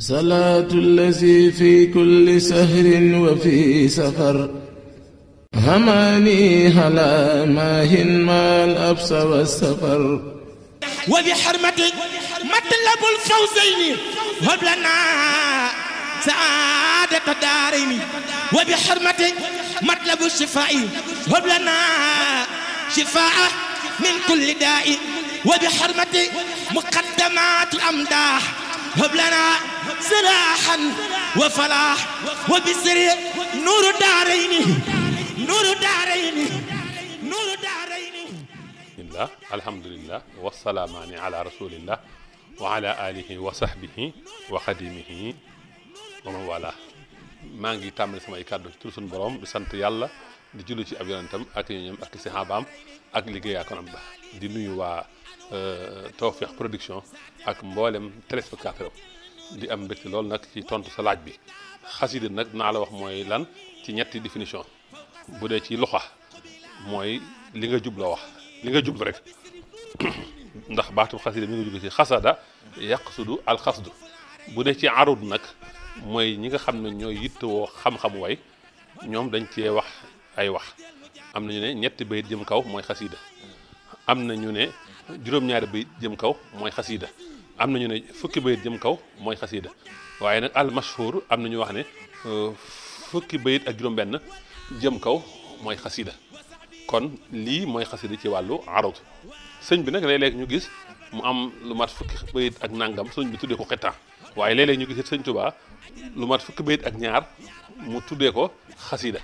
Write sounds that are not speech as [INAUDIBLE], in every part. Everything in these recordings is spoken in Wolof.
salaatu allazi fi kulli sahrin wa fi safar hamaani ala maahin maal absa wa safar wa bi xarmatik matlabul fawzayni hab lana saadata daarayni wa bi xarmatik matlabu shifaa'i hab lana shifaa'a min kulli daa'i wa bi xarmatik muqaddamaati amdaax hab lana سلاحا وفلاح وبسر نور دارين نور دارين نور دارين الله الحمد لله والسلام على رسول الله وعلى آله وصحبه وخدمه ومن والاه maa ngi tàmbali samay kàddu ci tur suñu borom di sant yàlla di jullu ci ab yonentam ak ñoom ak saxaabaam ak liggéeyaa konam ba di nuyu waa euh, Tawfekh Production ak mboolem téléspectateur di am mbégte loolu nag ci tontu sa laaj bi xasida nag naa la wax mooy lan ci ñetti définition bu dee ci loxa mooy li nga jublu wax li nga jublu rek [COUGHS] ndax baatu xasida mi nga jublu ci xasada yaqsudu alxasdu bu dee ci arud nag mooy ñi nga xam ne ñooy yittewoo xam-xamu way ñoom dañ cee wax ay wax am na ñu ne ñetti bayit jëm kaw mooy xasida am na ñu ne juróom-ñaari bayit jëm kaw mooy xasida am nañu ne fukki bayit jëm kaw mooy xasiida waaye nag al mashhur am ñu wax ne euh, fukki bayit ak juróom-benn jëm kaw mooy xasiida kon lii mooy xasiida ci wàllu arut sëñ bi nag léeg-léeg ñu gis mu am lu mat fukki bayit ak nangam sëñ bi tuddee ko xittaa waaye léeg ñu gis sëñ Tuubaa lu mat fukki bayit ak ñaar mu tuddee ko xasiida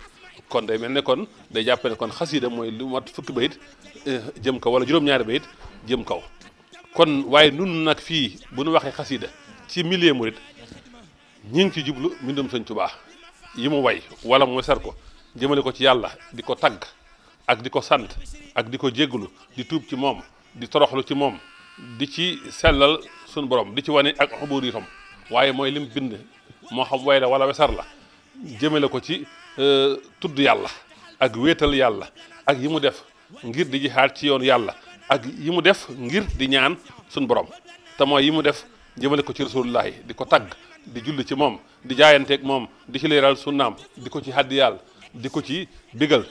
kon day mel ne kon day jàppale kon xasiida mooy lu mat fukki bayit euh, jëm kaw wala juróom-ñaari bayit jëm kaw kon waaye nun nag fii bu nu waxee xasida ci millier murit ñi ngi ci jublu mbindum sëñ baax yi mu way wala mu ser ko jëmale ko ci yàlla di ko tagg ak di ko sant ak di ko jégglu di tuub ci moom di toroxlu ci moom di ci sellal sunu borom di ci wane ak xubuur itam waaye mooy lim bind moo xam way la wala wesar la jëmale ko ci euh, tudd yàlla ak wéetal yàlla ak yi mu def ngir di jihaad ci yoon yàlla ak yi mu def ngir di ñaan suñu borom te mooy yi mu def jëmale ko ci rasulullahi di ko tagg di julli ci moom di jaayanteek moom di ci leeral sunnaam di ko ci haddiyaal di ko ci digal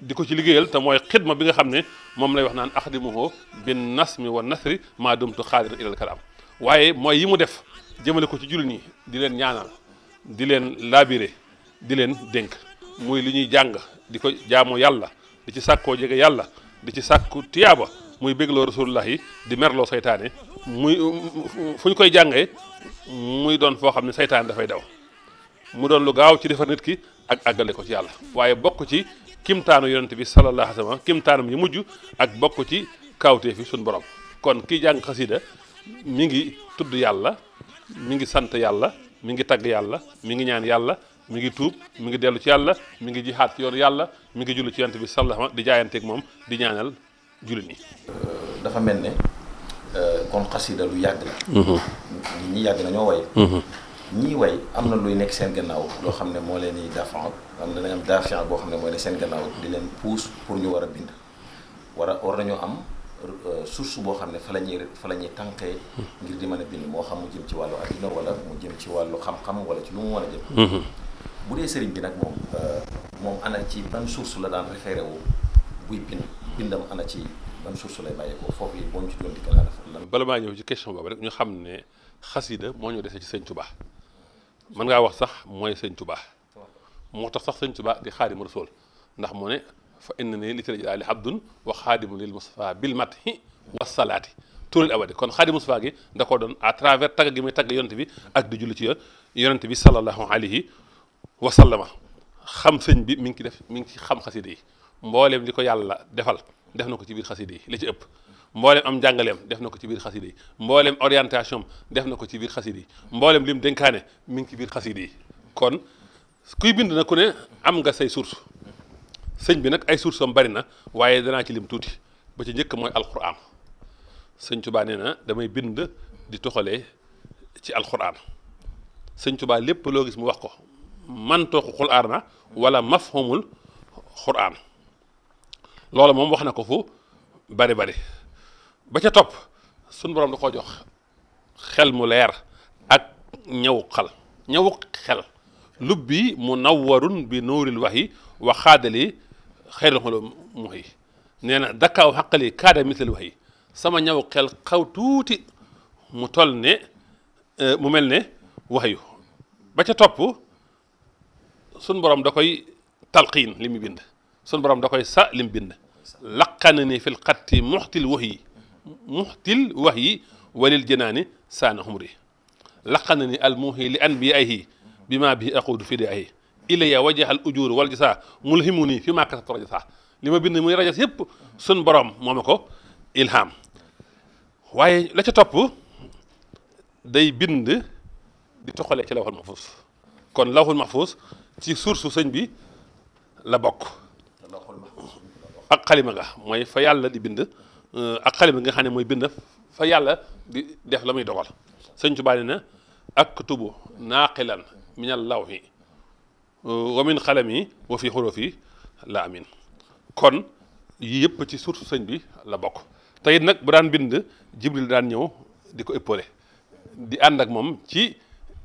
di ko ci liggéeyal te mooy xidma bi nga xam ne moom lay wax naan axdimuhu bin nasmi wa nasri maa dumtu xaadir ilal kalaam waaye mooy yi mu def jëmale ko ci julli ñi di leen ñaanal di leen laabire di leen dénk muy li ñuy jàng di ko jaamu yàlla di ci sàkkoo jege yàlla di ci sàkku tiyaaba muy bégloo rasulullah yi di merloo seytaane muy fu ñu koy jàngee muy doon foo xam ne saytaane dafay daw mu doon lu gaaw ci defar nit ki ak àggale ko ci yàlla waaye bokk ci kim kimtaanu yonent bi sallallahu alayhi wa sallam kimtaanam yi mujj ak bokk ci kawtee fi suñu borom kon kii jàng xasida mi ngi tudd yàlla mu ngi sant yàlla mi ngi tagg yàlla mi ngi ñaan yàlla mu ngi tuub mu ngi dellu ci yàlla mi ngi jihaat ci yoon yàlla mi ngi jullu ci yonent bi sallallahu di jaayanteeg moom di ñaanal jullit ñi euh, dafa mel ne euh, kon xasida lu yàgg la mhm. nit ñi yàgg na ñoo way mhm. ñii way am na luy nekk seen gannaaw loo xam ne moo leen di dafan am na am dafian boo xam ne mooy ne seen gannaaw di leen puus pour ñu war a bind war a war am euh, source boo xam ne fa la ñuy fa la ñuy tànkee ngir di mën a bind moo xam mu jëm ci wàllu addina wala mu jëm ci wàllu xam-xam wala ci lu mu mën a jëm mhm. bu dee sëriñ bi nag moom moom ana ci ban source la daan référé wu buy bind bindam ana ci ban source lay bàyyeekoo foofu yi boo ñu ci doon dikkal lan. bala maa ñëw ci question boobu rek ñu xam ne xasida moo ñu dese ci sëñ Tuubaa mën ngaa wax sax mooy sëñ Tuubaa moo tax sax sëñ Tuubaa di Xaadimu Rasuul ndax mu ne fa inna ne li tëjee daal di abdun wa xaadimu lil Mustafa bil mathi wa salaati turil awadi kon xaadimu Mustafa gi da koo doon à travers tagg gi muy tagg yonent bi ak di julli ci yoon bi sallallahu alayhi wa sallama xam sëñ bi mi ngi ci def mi ngi ci xam xasida yi mbooleem li ko yàlla def na ko ci biir xaside yi li ci ëpp mboolem am njàngaleem def na ko ci biir xaside yi mbooleem orientation def na ko ci biir xaside yi mboolem lim dénkaane mi ngi ci biir xaside yi kon kuy bind na ku ne am nga say source sëñ bi nag ay source am bari na waaye danaa ci lim tuuti ba ci njëkk mooy alquran sëñ Tuubaa nee na damay bind di toxalee ci alquran sëñ Tuubaa lépp loo gis mu wax ko man tooxu xulaar na wala mafhumul quran loolo moom wax na ko fu bari bari ba ca topp suñu borom da koo jox xel mu leer ak ñawu xal ñawu xel lub bi mu nawwarun bi nuuril wahyi wa xaadali xeyril xolum muhyi nee na dakkaaw xaqali kaada mislil wahyi sama ñawu xel xaw tuuti mu toll ne e, mu mel ne wahyu ba ca topp suñ borom da koy talqiin li mu bind sunu borom da koy sa lim bind laqana ni fil xatti muxtil wax yi muxtil wax yi walil janaani saana humri laqana ni al muuhi li an bi ayhi bi maa fi di ayhi ilaya wajaxal ujuur wal jasa mulhimu nii fi maa kasabtu rajasa li muy rajas yëpp sun borom moo ma ilham waaye la ca topp day bind di toxalee ci lawxul mahfuus kon lawxul mahfuus ci source sëñ bi la bokk ak xalima nga mooy fa yàlla di bind euh, ak xalima nga xam ne mooy bind fa yàlla di def la muy dogal sëñ Tuubaa nee na aktubu naaqilan min allawhi euh, wa min xalami wa fi xurufi la amin kon yii yëpp ci surtout sëñ bi la bokk te it nag bu daan bind jibril daan ñëw di ko ëppale di ànd ak moom ci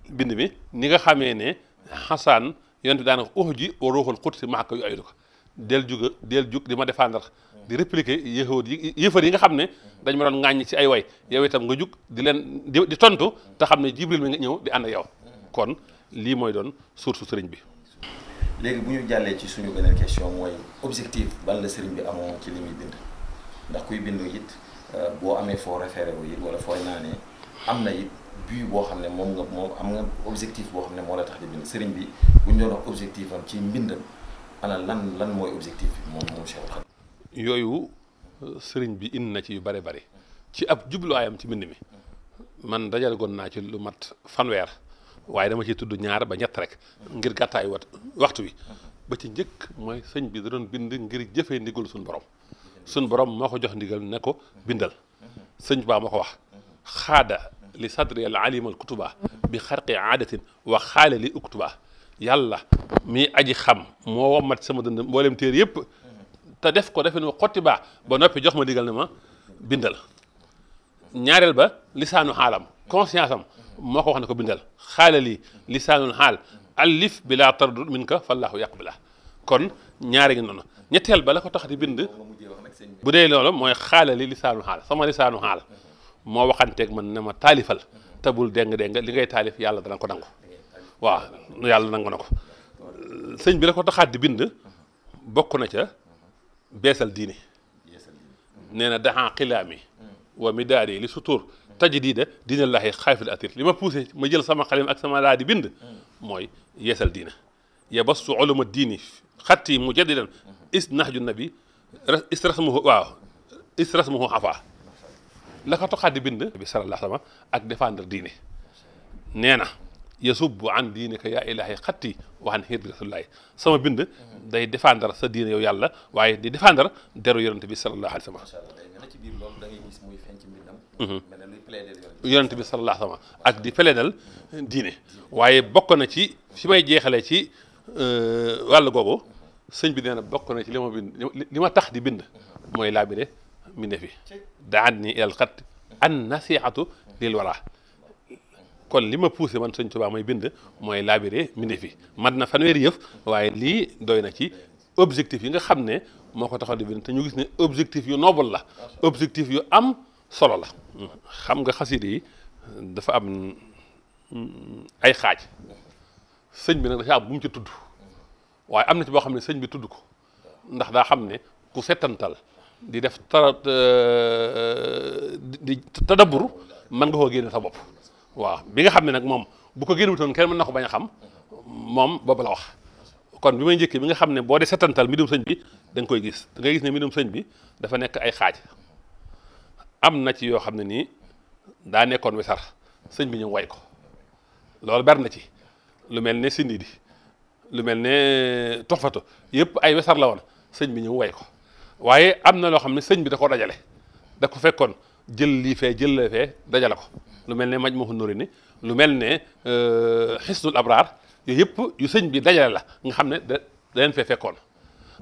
bind mi ni nga xamee ne xasaan yonent bi daan wax uxji wa ruuxul xudsi maaka yu aydu ko del juga del jug di ma défendre di répliquer yéexoot yi yéefar yi nga xam ne dañ ma doon ŋàññ si ay way yow itam nga jug di leen di tontu te xam ne jibril mi nga ñëw di ànd ak yow kon lii mooy doon source sëriñ bi léegi bu ñu jàllee ci suñu beneen question mooy objectif ban la sëriñ bi amoon ci li muy bind ndax kuy bind it euh, boo amee foo référé wu it wala foo naanee am na it but boo xam ne moom nga moom am nga objectif boo xam ne moo la tax di bind sëriñ bi bu objectif ci mbindam ana lan lan mooy objectif yooyu euh, sëriñ bi indi na ci yu bare bare ci ab jubluwaayam ci mbind mi man dajale goon naa ci lu mat fanweer waaye dama ciy tudd ñaar ba ñett rek ngir gàttaayu waxtu wi ba ci njëkk mooy sëñ bi da doon bind ngir jëfee ndigal suñu borom suñ borom moo ko jox ndigal ne ko bindal sëñ baa moo ko wax xaada li sadri al alim al bi xarqi aadatin wa xaala li uktuba yàlla mi aji xam moo mat sama dënd mboolem téer yëpp te def ko defin wa xotti baa ba noppi jox ma digal ne ma bindal ñaareel ba lisaanu xaalam conscience am moo ko wax ne ko bindal xaala lii lisaanul xaal alif bi laa tardud min ka fallaahu yaqbila kon ñaari ngi noonu ñetteel ba la ko tax di bind bu dee loolu mooy xaala li lisaanu xaal sama lisaanu xaal moo waxanteeg mën na ma taalifal te bul déng-déng li ngay taalif yàlla dana ko nangu waaw yàlla nangu na ko sëñ bi la ko taxaat di bind bokk na ca beesal diini nee na daxan xilaami wa mi daari li sutur tajdiida diina laxi xaafil atir li ma poussé ma jël sama xalim ak sama laa di bind mooy yeesal diina yabastu uluma diini xatti mujaddidan is naxju nabi is rasmuhu waaw is rasmuhu xafaa la ko taxaat di bind bi sallallahu alayhi wa sallam ak défendre diine nee na yasub an diinika yaa ilaahi xatti wa an xeet bi rasulillahi sama bind day défendre sa diine yow yàlla waaye di défendre deru yonent bi sallallahu alayhi wa sallam mhm. yonent bi sallallahu alayhi wa sallam ak di peleedal diine waaye bokk na ci fi may jeexalee ci euh, wàll googu sëñ bi nee na bokk na ci li ma bind li ma tax di bind mooy laabire mi ne fi daan ni ilal xatti an nasiixatu lil waraa kon li ma poussé man sëñ Tuubaa may bind mooy labiré mindi fi man na fanweeri yëf waaye lii doy na ci objectif yi nga xam ne moo ko taxaw di bind te ñu gis ne objectif yu noble la objectif yu am solo la xam nga xasida yi dafa am mm, ay xaaj sëñ bi nag dafa am bu ci tudd waaye am na ci boo xam ne sëñ bi tudd ko ndax daa xam ne ku settantal di def tara euh, di tadabbur mën nga koo génne sa bopp waaw bi nga xam ne nag moom bu ko génnutoon kenn mën na ko bañ a xam moom boobu la wax kon bi may njëkkee bi nga xam ne boo dee setantal mbindum sëñ bi da koy gis da ngay ne mbindum sëñ bi dafa nekk ay xaaj am na ci yoo xam ne nii daa nekkoon wesar sëñ bi ñu way ko loolu ber na ci lu mel ne sindi di lu mel ne eh, toxfato yëpp ay wesar la woon sëñ bi ñu way ko waaye am na loo xam ne sëñ bi da ko dajale da ko fekkoon jël lii fee jël lee fee dajale ko lu mel ne maj ma xunóori ni lu mel ne xisnul euh, abraar yooyu yëpp yu sëñ bi dajale la nga xam ne da leen fee fekkoon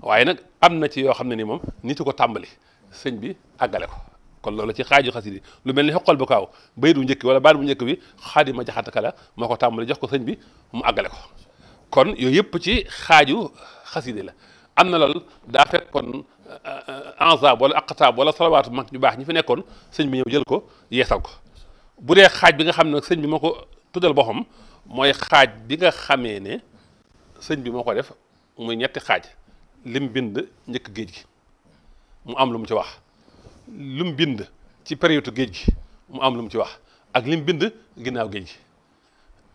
waaye nag am na ci yoo xam ne nii moom niti ko tàmbali sëñ bi àggale ko kon loolu ci xaaju xasidi lu mel ni xoqal bu kaaw bayit bu wala baat bu njëkk bi xaadima jaxataka la moo ko tàmbali jox ko sëñ bi mu àggale kon yooyu yëpp ci xaaju xasidi la am na loolu daa fekkoon ansab wala aqtaab wala salawaatu mag ñu baax ñi fi nekkoon sëñ bi ñëw jël ko yeesal ko bu dee xaaj bi nga xam ne sëñ bi moo ko tuddal boppam mooy xaaj bi nga xamee ne sëñ bi moo ko def muy ñetti xaaj lim bind njëkk géej gi mu am lu mu ci wax lim bind ci période géej mu am lu mu ci wax ak lim bind ginnaaw géej gi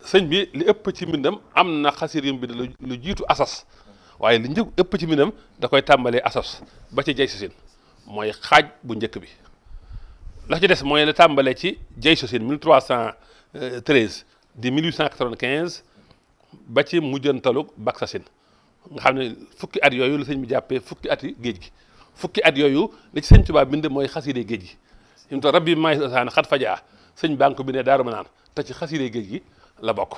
sëñ bi li ëpp ci mbindam am na xasir yu mu lu jiitu asas waaye li njëkk ëpp ci minam da koy tàmbalee asas ba ci jay sosin mooy xaaj bu njëkk bi la ci des mooy la tàmbalee ci jay sosin 1313 di 1895 ba ci mujjantalu baksasin nga xam ne fukki at yooyu la sëñ bi jàppee fukki at géej gi fukki at yooyu li ci sëñ Tuubaa bind mooy xas xasiide géej gi fi mu toll rabbi maay osaan xat fajaa sëñ banque bi ne bindee ma naan te ci xasiide géej gi la bokk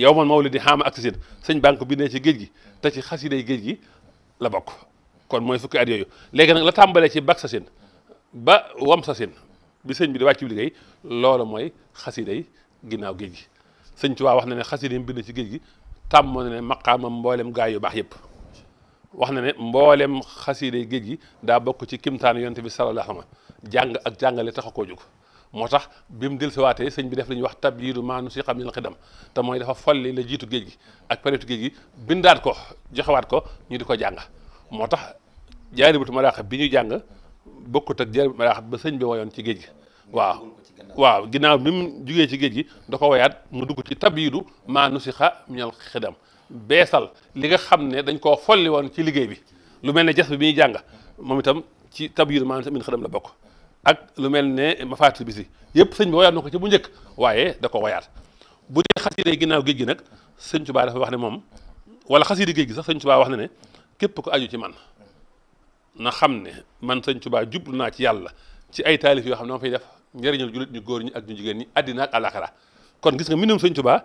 yow man mawlidi xaama ak tasin sëñ baa ngi ko bindee ci géej gi te ci xasiday géej gi la bokk kon mooy fukki at yooyu léegi nag la tàmbalee ci bak sasin ba wam sasin bi sëñ bi di wàcc ci liggéey loolu mooy xasiday ginnaaw géej gi sëñ waa wax na ne xasida yi mu bind ci géej gi tàmm na ne maqaamam mbooleem gaay yu baax yëpp wax na ne mboolem xasiday géej gi daa bokk ci kimtaan yonte bi sallallahu alayhi wa sallam jàng ak jàngale taxa koo jóg moo tax bi mu dellusiwaatee sëñ bi def li ñuy wax tabyiidu maa nusiqa minal xidam te mooy dafa folli la jiitu géej gi ak période géej gi bindaat ko joxewaat ko ñu di ko jàng moo tax jaaribatu maraax bi ñu jàng bokkut ak jaaribatu maraax ba sëñ bi woyoon ci géej gi waaw waaw bi mu jugee ci géej gi da ko woyaat mu dugg ci tabyiidu maa nusiqa minal xidam beesal li nga xam ne dañ koo folli woon ci liggéey bi lu mel ne jas bi bi ñuy jàng moom itam ci tabyiidu maa nusiqa minal xidam la bokk ak lu mel ne mafaati bisi yëpp sëñ bi wayaat na ko ci bu njëkk waaye da ko wayaat bu dee xasiide ginnaaw géej gi nag sëñ Tuubaa dafa wax ne moom wala xasiide géej gi sax sëñ Tuubaa wax na ne képp ko aju ci man na xam ne man sëñ Tuubaa jublu naa ci yàlla ci ay taalif yoo xam ne ma fay def njëriñal jullit ñu góor ñi ak ñu jigéen ñi àddina ak àllaaxira kon gis nga mbindum sëñ Tuubaa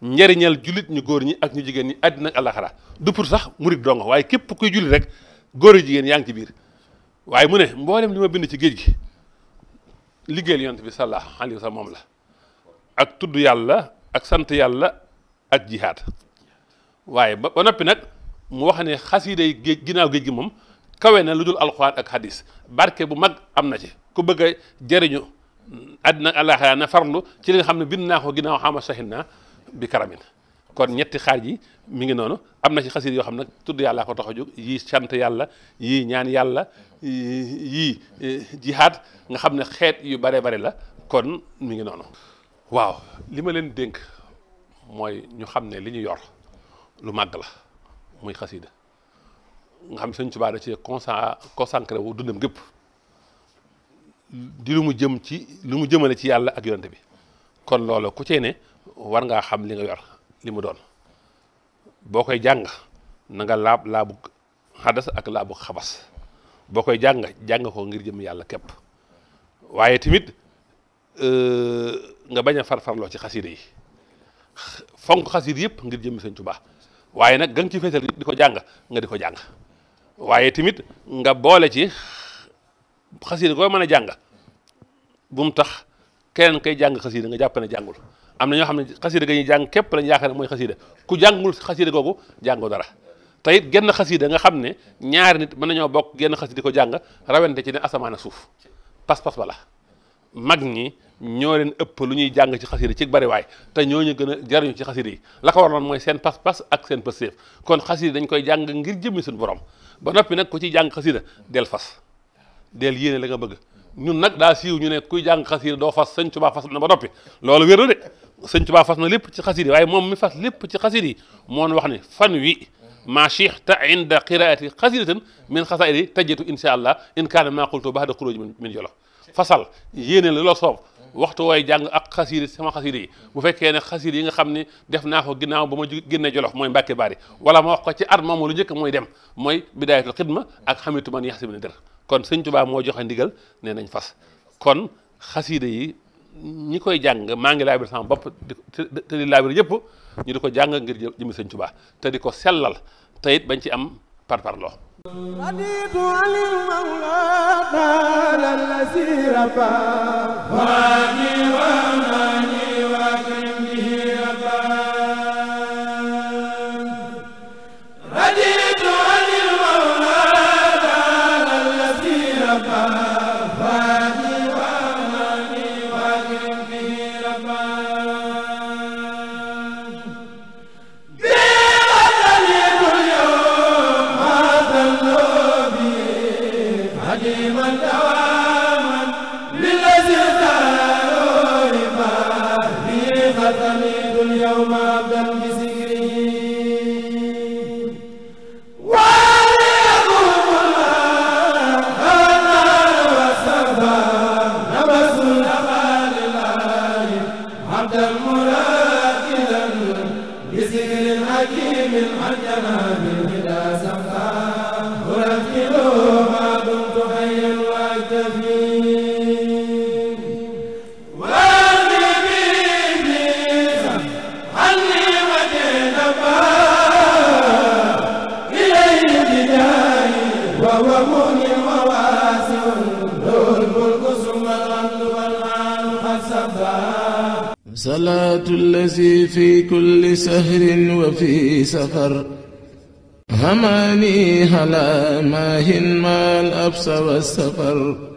njëriñal jullit ñu góor ñi ak ñu jigéen ñi àddina ak àllaaxira du pour sax mu murit dong waaye képp kuy jullit rek góor jigéen yaa ngi ci biir waaye mu ne mboolem li bind ci géej gi liggéeyal yonent bi sallallahu alayhi sa moom la ak tudd yàlla ak sant yàlla ak jihaad waaye ba ba noppi nag mu wax ne xasiiday géej ginnaaw géej gi moom kawe na lu dul alxuraan ak hadis barke bu mag am na ci ku bëgg a jëriñu àddina ak àllaaxira na farlu ci li nga xam ne bind naa ko ginnaaw xama sahin na bi karamin kon ñetti xaaj yi mi ngi noonu am na ci xasir yoo xam nag tudd yàlla ko tax a jóg yii sant yàlla yii ñaan yàlla yii jihaad nga xam ne xeet yu bare bare la kon mi ngi noonu waaw li ma leen dénk mooy ñu xam ne li ñu yor lu màgg la muy xasida nga xam Sëñ Tuubaa da ci consacré wu dundam gépp di lu mu jëm ci lu mu jëmale ci yàlla ak yonante bi kon loolu ku cee ne war ngaa xam li nga yor li mu doon boo koy jàng na nga laab laabu xadas ak laabu xabas boo koy jàng jàng ko ngir jëmm yàlla képp waaye tamit euh, nga bañ a farfarloo ci xasida yi fonk xasida yëpp ngir jëm Sëñ Tuubaa waaye nag gën ci feesal di ko jàng nga di ko jàng waaye tamit nga boole ci xasida koo mën a jàng bu mu tax keneen koy jàng xasida nga jàpp ne jàngul am na ñoo xam ne xasida ga ñuy jàng képp lañ yaakaar ne mooy xasida ku jàngul xasida googu jàngoo dara te it genn xasida nga xam ne ñaari nit mën nañoo bokk genn xasida ko jàng rawante ci ne asamaan a suuf pas-pas bala mag ñi ñoo leen ëpp lu ñuy jàng ci xasida ci bariwaay te ñu gën a jariñu ci xasida yi la waroon mooy seen pas-pas ak seen pëstéef kon xasida dañ koy jàng ngir jëmmi suñu borom ba noppi nag ku ciy jàng xasida del fas del yéene la nga bëgg ñun nag daa siiw ñu ne kuy jàng xasida doo fas sëñ Tuubaa fas na ba noppi loolu wér na de sëñ Tuubaa fas na lépp ci xasida yi waaye moom mi fas lépp ci xasida yi moo wax ne fan wi maa chihta inda qiraati xasidatan min xasaidi tajjatu insha allah in kaana maa qultu ba'da xuruuji min jolof fasal yéene la la soob waxtu wooy jàng ak xasida sama xasida yi bu fekkee ne xasida yi nga xam ne def naa ko ginnaaw ba ma génne jolof mooy mbàkke baari wala ma wax ko ci at moomu lu njëkk mooy dem mooy bidaayatul xidma ak xamitu man yaxsi bi ne dër kon sëñ Tuubaa moo joxe ndigal nee nañ fas kon xasida yi ñi koy jàng maa ngi laabir sama bopp te di laabir yëpp ñu di ko jàng ngir jëmi sëñ Tuubaa te di ko sellal te bañ ci am parparloo raditu anil mawla taala lasi rabba لمن دوام للذي salaatu lazi fi kulli sahrin wa fi safar hamaani ala maahin maal absa wa safar